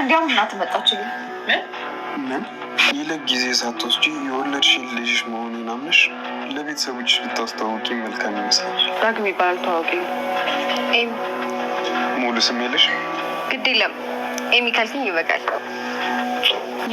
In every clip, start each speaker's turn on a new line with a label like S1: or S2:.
S1: እንዲያውም እናት መጣች።
S2: ምን ይልቅ ጊዜ ሳትወስጂ የወለድሽን ልጅሽ መሆኑን አምነሽ ለቤተሰቦችሽ ብታስተዋወቂ መልካም ይመስላል።
S1: ዳግም ይባላል ታዋቂ
S2: ሙሉ ስም የለሽ?
S1: ግድ የለም ኤሚ ካልሽኝ ይበቃል።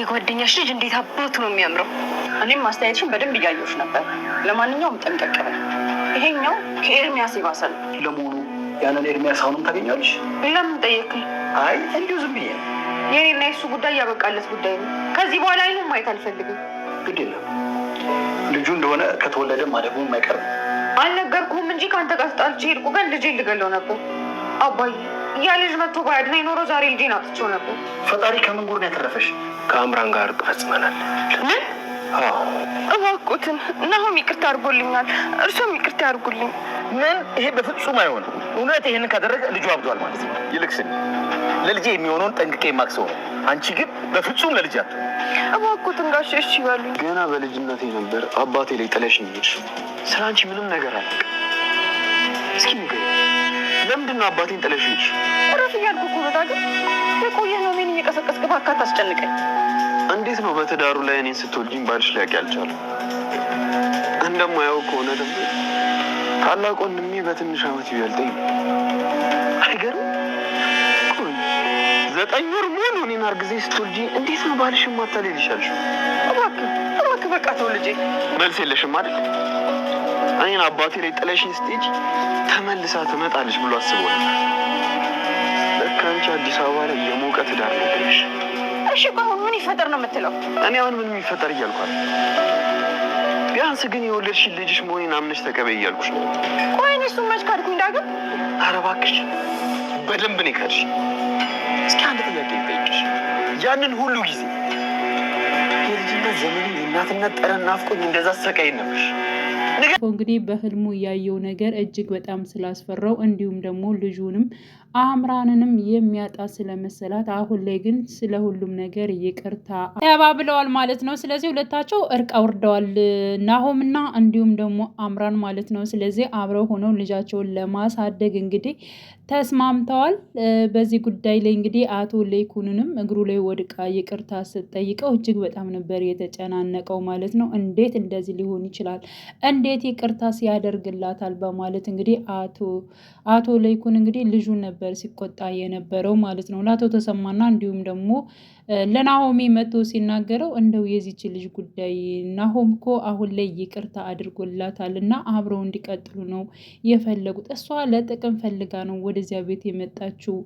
S1: የጓደኛሽ ልጅ እንዴት አባቱ ነው የሚያምረው።
S3: እኔም አስተያየትሽን በደንብ እያየሁሽ ነበር። ለማንኛውም ጠንቀቅ በይ።
S1: ይሄኛው ከኤርሚያስ የባሰ
S2: ለመሆኑ ያንን ኤርሚያስ አሁንም ታገኛለሽ?
S1: ለምን ጠየቅኝ?
S2: አይ እንዲሁ ዝም ብዬ ነው
S1: የኔ እና የሱ ጉዳይ እያበቃለት ጉዳይ ነው። ከዚህ በኋላ አይኑን ማየት አልፈልግም።
S2: ግድ የለም ልጁ እንደሆነ ከተወለደ ማደጉ አይቀርም።
S1: አልነገርኩህም እንጂ ከአንተ ጋር ስጣልቼ ሄድኩ ግን ልጄን ልገለው ነበር። አባዬ ያ ልጅ መጥቶ ባያድነኝ ኖሮ ዛሬ ልጄን አጥቼው ነበር።
S2: ፈጣሪ ከምን ጉድ ነው ያተረፈሽ? ከአምራን ጋር እርቅ ፈጽመናል። ምን? አዎ
S1: እባክዎትን፣ ናሆም ይቅርታ አድርጎልኛል፣ እርሶም ይቅርታ አድርጉልኝ።
S2: ምን? ይሄ በፍጹም አይሆንም። እውነት ይህንን ካደረገ ልጁ አብዷል ማለት ነው። ይልቅስኝ ለልጄ የሚሆነውን ጠንቅቄ የማክሰው ነው። አንቺ ግን በፍጹም ለልጅ አት
S1: እባክዎትን ጋሽ እሺ ይበሉ።
S2: ገና በልጅነቴ ነበር አባቴ ላይ ጥለሽ የሚሄድ ስለ አንቺ ምንም ነገር አለቅ። እስኪ ንገ ለምንድን ነው አባቴን ጥለሽ ሄድሽ?
S1: እረፍ እያልኩ እኮ በታ ግን የቆየ ነው ሜን እየቀሰቀስክ እባክህ አስጨንቀኝ።
S2: እንዴት ነው በትዳሩ ላይ እኔን ስትወልጅኝ ባልሽ ሊያውቅ ያልቻለው? እንደማያውቅ ከሆነ ደግሞ ታላቅ ወንድሜ በትንሽ አመት ይበልጠኝ ዘጠኝ ወር ሙሉ እኔን አርግዘሽ ስትወልጂ እንዴት ነው ባልሽ ማታል ይልሻልሽ?
S1: እባክህ እባክህ በቃ ተው ልጄ።
S2: መልስ የለሽም አይደል? እኔን አባቴ ላይ ጥለሽኝ ስትሄጂ ተመልሳ ትመጣለች ብሎ አስቦ ለካ አንቺ አዲስ አበባ ላይ የሞቀ ትዳር ነበረሽ።
S1: እሺ እኮ አሁን ምን ይፈጠር ነው የምትለው?
S2: እኔ አሁን ምንም ይፈጠር እያልኳል። ቢያንስ ግን የወለድሽን ልጅሽ መሆኔን አምነሽ ተቀበይ እያልኩሽ ነው።
S1: ቆይ እኔ እሱን መች ካድኩኝ ዳግም?
S2: ኧረ እባክሽ በደንብ ነው የካድሽ እስኪ አንድ ጥያቄ ልጠይቅሽ። ያንን ሁሉ ጊዜ የልጅነት ዘመኑ የእናትነት ጠረን ናፍቆኝ እንደዛ ሰቃይ ነበር።
S4: እንግዲህ በህልሙ ያየው ነገር እጅግ በጣም ስላስፈራው እንዲሁም ደግሞ ልጁንም አምራንንም የሚያጣ ስለመሰላት አሁን ላይ ግን ስለ ሁሉም ነገር ይቅርታ ተባብለዋል ማለት ነው። ስለዚህ ሁለታቸው እርቅ አውርደዋል ናሆምና እንዲሁም ደግሞ አምራን ማለት ነው። ስለዚህ አብረው ሆነው ልጃቸውን ለማሳደግ እንግዲህ ተስማምተዋል። በዚህ ጉዳይ ላይ እንግዲህ አቶ ሌይኩንንም እግሩ ላይ ወድቃ ይቅርታ ስጠይቀው እጅግ በጣም ነበር የተጨናነቀው ማለት ነው። እንዴት እንደዚህ ሊሆን ይችላል? እንዴት ይቅርታ ሲያደርግላታል? በማለት እንግዲህ አቶ አቶ ሌይኩን እንግዲህ ልጁን ነበር ሲቆጣ የነበረው ማለት ነው። ለአቶ ተሰማና እንዲሁም ደግሞ ለናሆሚ መጥቶ ሲናገረው እንደው የዚች ልጅ ጉዳይ ናሆም እኮ አሁን ላይ ይቅርታ አድርጎላታል እና አብረው እንዲቀጥሉ ነው የፈለጉት። እሷ ለጥቅም ፈልጋ ነው ወደዚያ ቤት የመጣችው።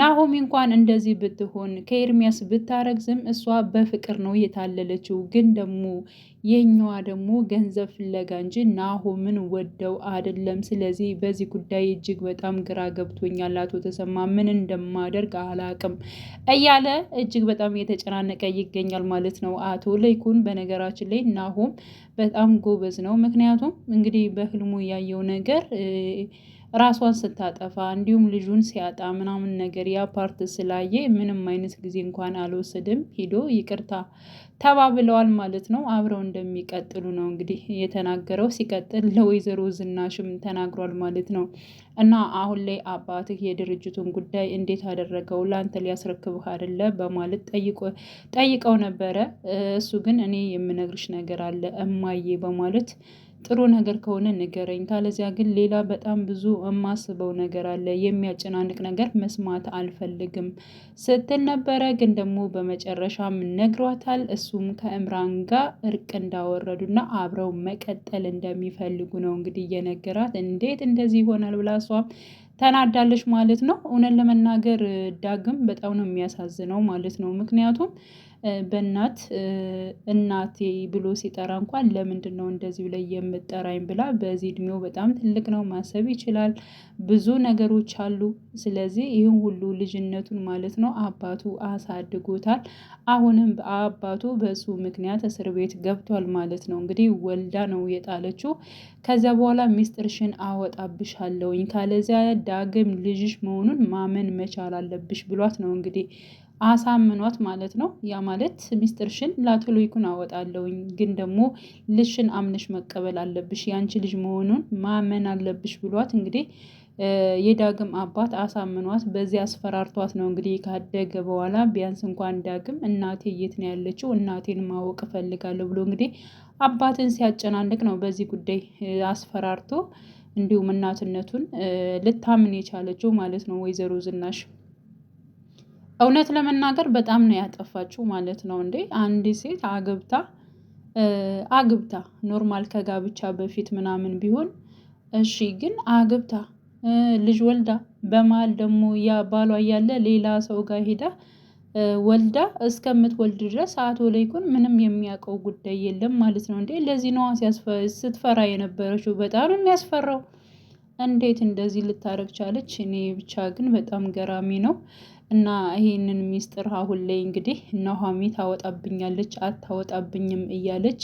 S4: ናሆሚ እንኳን እንደዚህ ብትሆን ከኤርሚያስ ብታረግዝም እሷ በፍቅር ነው የታለለችው። ግን ደግሞ የኛዋ ደግሞ ገንዘብ ፍለጋ እንጂ ናሆምን ወደው አይደለም። ስለዚህ በዚህ ጉዳይ እጅግ በጣም ግራ ገብቶኛል፣ አቶ ተሰማ ምን እንደማደርግ አላቅም እያለ እጅግ በጣም የተጨናነቀ ይገኛል ማለት ነው። አቶ ለይኩን በነገራችን ላይ ናሆም በጣም ጎበዝ ነው። ምክንያቱም እንግዲህ በህልሙ ያየው ነገር ራሷን ስታጠፋ እንዲሁም ልጁን ሲያጣ ምናምን ነገር ያ ፓርት ስላየ ምንም አይነት ጊዜ እንኳን አልወሰድም። ሂዶ ይቅርታ ተባብለዋል ማለት ነው። አብረው እንደሚቀጥሉ ነው እንግዲህ የተናገረው። ሲቀጥል ለወይዘሮ ዝናሽም ተናግሯል ማለት ነው። እና አሁን ላይ አባትህ የድርጅቱን ጉዳይ እንዴት አደረገው ለአንተ ሊያስረክብህ አደለ? በማለት ጠይቀው ነበረ። እሱ ግን እኔ የምነግርሽ ነገር አለ እማዬ በማለት ጥሩ ነገር ከሆነ ንገረኝ፣ ካለዚያ ግን ሌላ በጣም ብዙ የማስበው ነገር አለ፣ የሚያጨናንቅ ነገር መስማት አልፈልግም ስትል ነበረ። ግን ደግሞ በመጨረሻም ነግሯታል። እሱም ከእምራን ጋር እርቅ እንዳወረዱና አብረው መቀጠል እንደሚፈልጉ ነው እንግዲህ እየነገራት፣ እንዴት እንደዚህ ይሆናል ብላ እሷም ተናዳለች ማለት ነው። እውነት ለመናገር ዳግም በጣም ነው የሚያሳዝነው ማለት ነው። ምክንያቱም በእናት እናቴ ብሎ ሲጠራ እንኳን ለምንድን ነው እንደዚህ ብለህ የምጠራኝ ብላ በዚህ እድሜው በጣም ትልቅ ነው፣ ማሰብ ይችላል። ብዙ ነገሮች አሉ። ስለዚህ ይህን ሁሉ ልጅነቱን ማለት ነው አባቱ አሳድጎታል። አሁንም አባቱ በሱ ምክንያት እስር ቤት ገብቷል ማለት ነው። እንግዲህ ወልዳ ነው የጣለችው። ከዚያ በኋላ ሚስጥርሽን አወጣብሻለሁኝ ካለዚያ ዳግም ልጅሽ መሆኑን ማመን መቻል አለብሽ ብሏት ነው እንግዲህ አሳምኗት ማለት ነው። ያ ማለት ሚስጥርሽን ለአቶ ሎይኩን አወጣለውኝ፣ ግን ደግሞ ልሽን አምነሽ መቀበል አለብሽ፣ የአንቺ ልጅ መሆኑን ማመን አለብሽ ብሏት እንግዲህ የዳግም አባት አሳምኗት በዚህ አስፈራርቷት ነው እንግዲህ ካደገ በኋላ ቢያንስ እንኳን ዳግም እናቴ የት ነው ያለችው እናቴን ማወቅ እፈልጋለሁ ብሎ እንግዲህ አባትን ሲያጨናንቅ ነው በዚህ ጉዳይ አስፈራርቶ እንዲሁም እናትነቱን ልታምን የቻለችው ማለት ነው ወይዘሮ ዝናሽ። እውነት ለመናገር በጣም ነው ያጠፋችው ማለት ነው። እንዴ አንዲት ሴት አግብታ አግብታ ኖርማል ከጋብቻ በፊት ምናምን ቢሆን እሺ ግን አግብታ ልጅ ወልዳ በመሀል ደግሞ ያ ባሏ እያለ ሌላ ሰው ጋር ሄዳ ወልዳ እስከምትወልድ ድረስ አቶ ለይኩን ምንም የሚያውቀው ጉዳይ የለም ማለት ነው። እንዴ ለዚህ ነዋ ስትፈራ የነበረችው በጣም የሚያስፈራው። እንዴት እንደዚህ ልታደርግ ቻለች? እኔ ብቻ ግን በጣም ገራሚ ነው። እና ይሄንን ሚስጥር አሁን ላይ እንግዲህ ናሆሚ ታወጣብኛለች አታወጣብኝም እያለች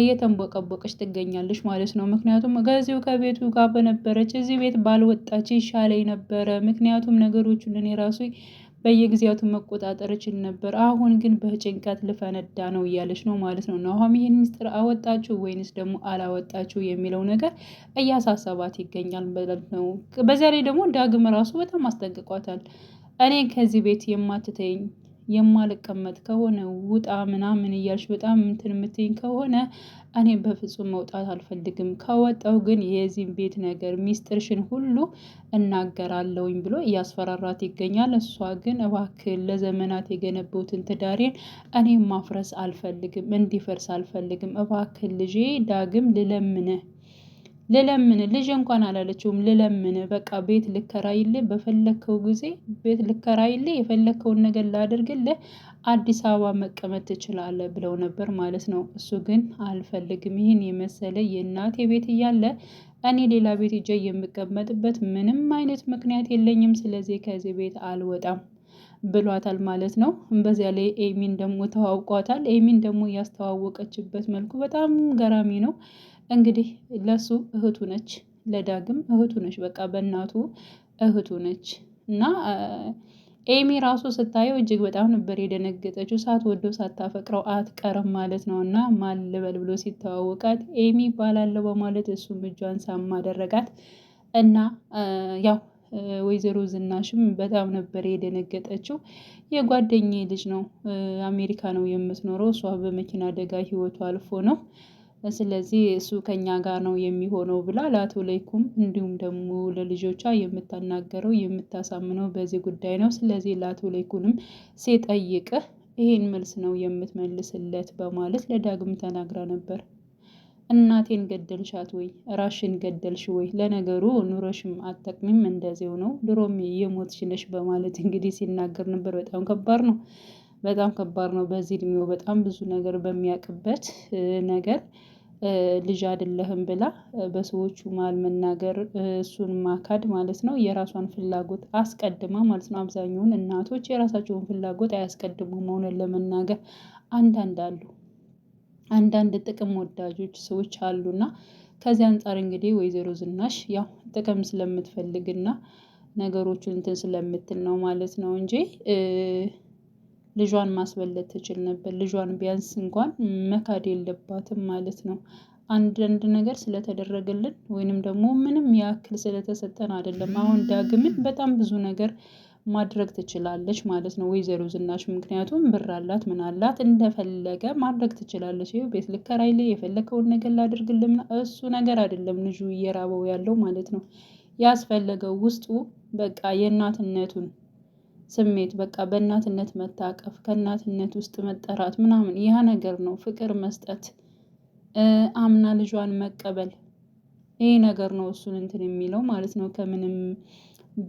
S4: እየተንቦቀቦቀች ትገኛለች ማለት ነው። ምክንያቱም ከዚሁ ከቤቱ ጋር በነበረች እዚህ ቤት ባልወጣች ይሻለኝ ነበረ። ምክንያቱም ነገሮቹን እኔ ራሱ በየጊዜያቱ መቆጣጠር እችል ነበር። አሁን ግን በጭንቀት ልፈነዳ ነው እያለች ነው ማለት ነው። ናሆም ይህን ሚስጥር አወጣችሁ ወይንስ ደግሞ አላወጣችሁ የሚለው ነገር እያሳሰባት ይገኛል ማለት ነው። በዚያ ላይ ደግሞ ዳግም ራሱ በጣም አስጠንቅቋታል። እኔ ከዚህ ቤት የማትተኝ የማልቀመጥ ከሆነ ውጣ ምናምን እያልሽ በጣም እንትን የምትይኝ ከሆነ እኔ በፍጹም መውጣት አልፈልግም። ከወጣው ግን የዚህን ቤት ነገር ሚስጥርሽን ሁሉ እናገራለውኝ ብሎ እያስፈራራት ይገኛል። እሷ ግን እባክህን ለዘመናት የገነበውትን ትዳሬን እኔ ማፍረስ አልፈልግም፣ እንዲፈርስ አልፈልግም። እባክህን ልጄ ዳግም ልለምንህ ልለምን ልጅ እንኳን አላለችውም ልለምን በቃ ቤት ልከራይልህ በፈለከው ጊዜ ቤት ልከራይልህ የፈለከውን ነገር ላደርግልህ አዲስ አበባ መቀመጥ ትችላለህ ብለው ነበር ማለት ነው። እሱ ግን አልፈልግም ይህን የመሰለ የእናቴ ቤት እያለ እኔ ሌላ ቤት ሄጄ የምቀመጥበት ምንም አይነት ምክንያት የለኝም ስለዚህ ከዚህ ቤት አልወጣም ብሏታል ማለት ነው። በዚያ ላይ ኤሚን ደግሞ ተዋውቋታል ኤሚን ደግሞ ያስተዋወቀችበት መልኩ በጣም ገራሚ ነው። እንግዲህ ለሱ እህቱ ነች፣ ለዳግም እህቱ ነች። በቃ በእናቱ እህቱ ነች እና ኤሚ ራሱ ስታየው እጅግ በጣም ነበር የደነገጠችው። ሳትወደው ሳታፈቅረው አትቀርም ማለት ነው። እና ማን ልበል ብሎ ሲተዋወቃት ኤሚ ይባላለው በማለት እሱም እጇን ሳም አደረጋት እና ያው ወይዘሮ ዝናሽም በጣም ነበር የደነገጠችው። የጓደኛ ልጅ ነው፣ አሜሪካ ነው የምትኖረው። እሷ በመኪና አደጋ ህይወቱ አልፎ ነው ስለዚህ እሱ ከኛ ጋር ነው የሚሆነው ብላ ለአቶ ለይኩም እንዲሁም ደግሞ ለልጆቿ የምታናገረው የምታሳምነው በዚህ ጉዳይ ነው። ስለዚህ ለአቶ ለይኩንም ሲጠይቅህ ይህን መልስ ነው የምትመልስለት በማለት ለዳግም ተናግራ ነበር። እናቴን ገደልሻት ወይ ራሽን ገደልሽ ወይ? ለነገሩ ኑሮሽም አጠቅሚም እንደዚው ነው ድሮም የሞትሽ ነሽ በማለት እንግዲህ ሲናገር ነበር። በጣም ከባድ ነው፣ በጣም ከባድ ነው። በዚህ እድሜው በጣም ብዙ ነገር በሚያውቅበት ነገር ልጅ አይደለህም ብላ በሰዎቹ መሃል መናገር እሱን ማካድ ማለት ነው። የራሷን ፍላጎት አስቀድማ ማለት ነው። አብዛኛውን እናቶች የራሳቸውን ፍላጎት አያስቀድሙም። እውነት ለመናገር አንዳንድ አሉ አንዳንድ ጥቅም ወዳጆች ሰዎች አሉና ከዚህ አንጻር እንግዲህ ወይዘሮ ዝናሽ ያው ጥቅም ስለምትፈልግና ነገሮቹን እንትን ስለምትል ነው ማለት ነው እንጂ ልጇን ማስበለት ትችል ነበር። ልጇን ቢያንስ እንኳን መካድ የለባትም ማለት ነው። አንዳንድ ነገር ስለተደረገልን ወይንም ደግሞ ምንም ያክል ስለተሰጠን አይደለም። አሁን ዳግምን በጣም ብዙ ነገር ማድረግ ትችላለች ማለት ነው ወይዘሮ ዝናሽ። ምክንያቱም ብር አላት ምን አላት እንደፈለገ ማድረግ ትችላለች። ይኸው ቤት ልከራይ ላይ የፈለከውን ነገር ላድርግልም እሱ ነገር አይደለም ልጁ እየራበው ያለው ማለት ነው። ያስፈለገው ውስጡ በቃ የእናትነቱን ስሜት በቃ በእናትነት መታቀፍ ከእናትነት ውስጥ መጠራት ምናምን ያ ነገር ነው ፍቅር መስጠት አምና ልጇን መቀበል ይሄ ነገር ነው እሱን እንትን የሚለው ማለት ነው። ከምንም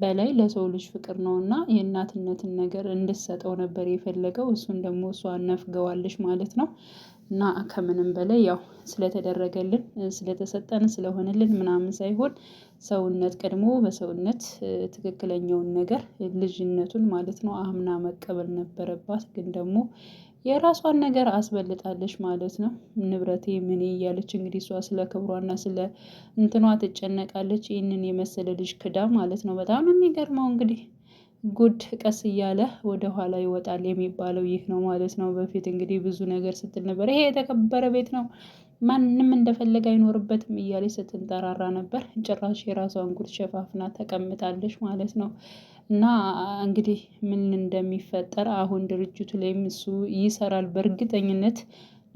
S4: በላይ ለሰው ልጅ ፍቅር ነው እና የእናትነትን ነገር እንድትሰጠው ነበር የፈለገው እሱን ደግሞ እሷ ነፍገዋለች ማለት ነው። እና ከምንም በላይ ያው ስለተደረገልን ስለተሰጠን ስለሆነልን ምናምን ሳይሆን ሰውነት ቀድሞ በሰውነት ትክክለኛውን ነገር ልጅነቱን ማለት ነው አምና መቀበል ነበረባት። ግን ደግሞ የራሷን ነገር አስበልጣለች ማለት ነው። ንብረቴ ምኔ እያለች እንግዲህ እሷ ስለ ክብሯና ስለ እንትኗ ትጨነቃለች። ይህንን የመሰለ ልጅ ክዳ ማለት ነው። በጣም ነው የሚገርመው እንግዲህ ጉድ ቀስ እያለ ወደ ኋላ ይወጣል የሚባለው ይህ ነው ማለት ነው። በፊት እንግዲህ ብዙ ነገር ስትል ነበር። ይሄ የተከበረ ቤት ነው ማንም እንደፈለገ አይኖርበትም እያለች ስትንጠራራ ነበር። ጭራሽ የራሷን ጉድ ሸፋፍና ተቀምጣለች ማለት ነው። እና እንግዲህ ምን እንደሚፈጠር አሁን ድርጅቱ ላይም እሱ ይሰራል በእርግጠኝነት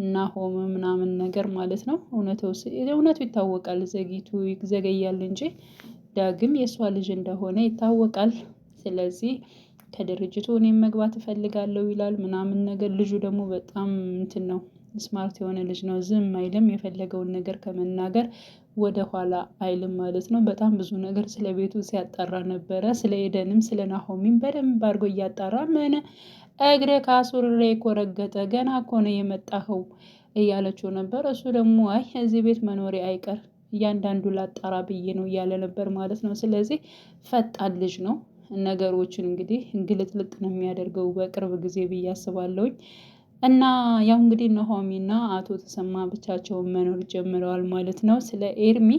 S4: እና ሆም ምናምን ነገር ማለት ነው። እውነቱ ይታወቃል። ዘግይቱ ይዘገያል እንጂ ዳግም የእሷ ልጅ እንደሆነ ይታወቃል። ስለዚህ ከድርጅቱ እኔም መግባት እፈልጋለሁ ይላል ምናምን ነገር ልጁ ደግሞ በጣም እንትን ነው ስማርት የሆነ ልጅ ነው ዝም አይልም የፈለገውን ነገር ከመናገር ወደኋላ አይልም ማለት ነው። በጣም ብዙ ነገር ስለ ቤቱ ሲያጣራ ነበረ ስለ ኤደንም ስለ ናሆሚም በደንብ አድርጎ እያጣራ ምን እግሬ ካሱሬ እኮ ረገጠ ገና ኮነ የመጣኸው እያለችው ነበር። እሱ ደግሞ አይ እዚህ ቤት መኖሪ አይቀር እያንዳንዱ ላጣራ ብዬ ነው እያለ ነበር ማለት ነው። ስለዚህ ፈጣን ልጅ ነው ነገሮችን እንግዲህ ግልጥልጥ ነው የሚያደርገው በቅርብ ጊዜ ብዬ አስባለሁኝ። እና ያው እንግዲህ ነሆሚና አቶ ተሰማ ብቻቸውን መኖር ጀምረዋል ማለት ነው። ስለ ኤርሚ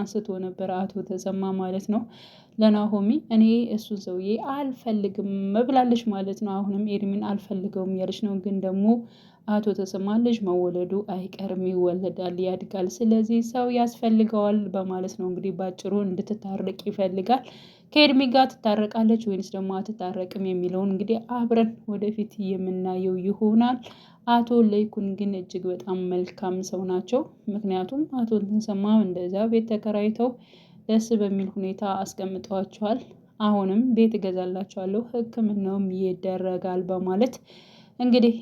S4: አንስቶ ነበር አቶ ተሰማ ማለት ነው። ለናሆሚ እኔ እሱን ሰውዬ አልፈልግም ብላለች ማለት ነው። አሁንም ኤርሚን አልፈልገውም ያለች ነው። ግን ደግሞ አቶ ተሰማ ልጅ መወለዱ አይቀርም ይወለዳል፣ ያድጋል፣ ስለዚህ ሰው ያስፈልገዋል በማለት ነው እንግዲህ ባጭሩ እንድትታርቅ ይፈልጋል። ከኤድሜ ጋር ትታረቃለች ወይንስ ደግሞ አትታረቅም የሚለውን እንግዲህ አብረን ወደፊት የምናየው ይሆናል። አቶ ለይኩን ግን እጅግ በጣም መልካም ሰው ናቸው። ምክንያቱም አቶ ትንሰማ እንደዚያ ቤት ተከራይተው ደስ በሚል ሁኔታ አስቀምጠዋቸዋል። አሁንም ቤት እገዛላቸዋለሁ፣ ሕክምናውም ይደረጋል በማለት እንግዲህ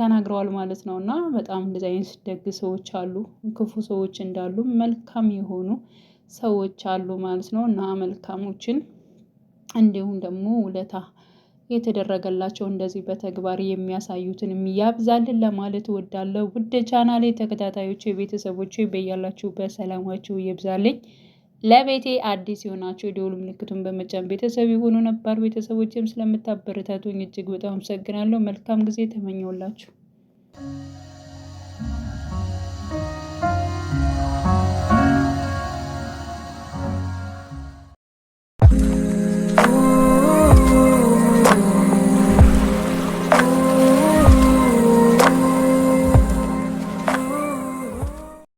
S4: ተናግረዋል ማለት ነው። እና በጣም እንደዚህ አይነት ደግ ሰዎች አሉ፣ ክፉ ሰዎች እንዳሉ መልካም የሆኑ ሰዎች አሉ ማለት ነው እና መልካሞችን እንዲሁም ደግሞ ውለታ የተደረገላቸው እንደዚህ በተግባር የሚያሳዩትን የሚያብዛልን ለማለት ወዳለው ውድ ቻናሌ ተከታታዮች ቤተሰቦቼ በያላችሁ በሰላማችሁ ይብዛልኝ። ለቤቴ አዲስ የሆናችሁ የደወል ምልክቱን በመጫን ቤተሰብ የሆኑ ነባር ቤተሰቦችም ስለምታበረታቱኝ እጅግ በጣም አመሰግናለሁ። መልካም ጊዜ ተመኘውላችሁ።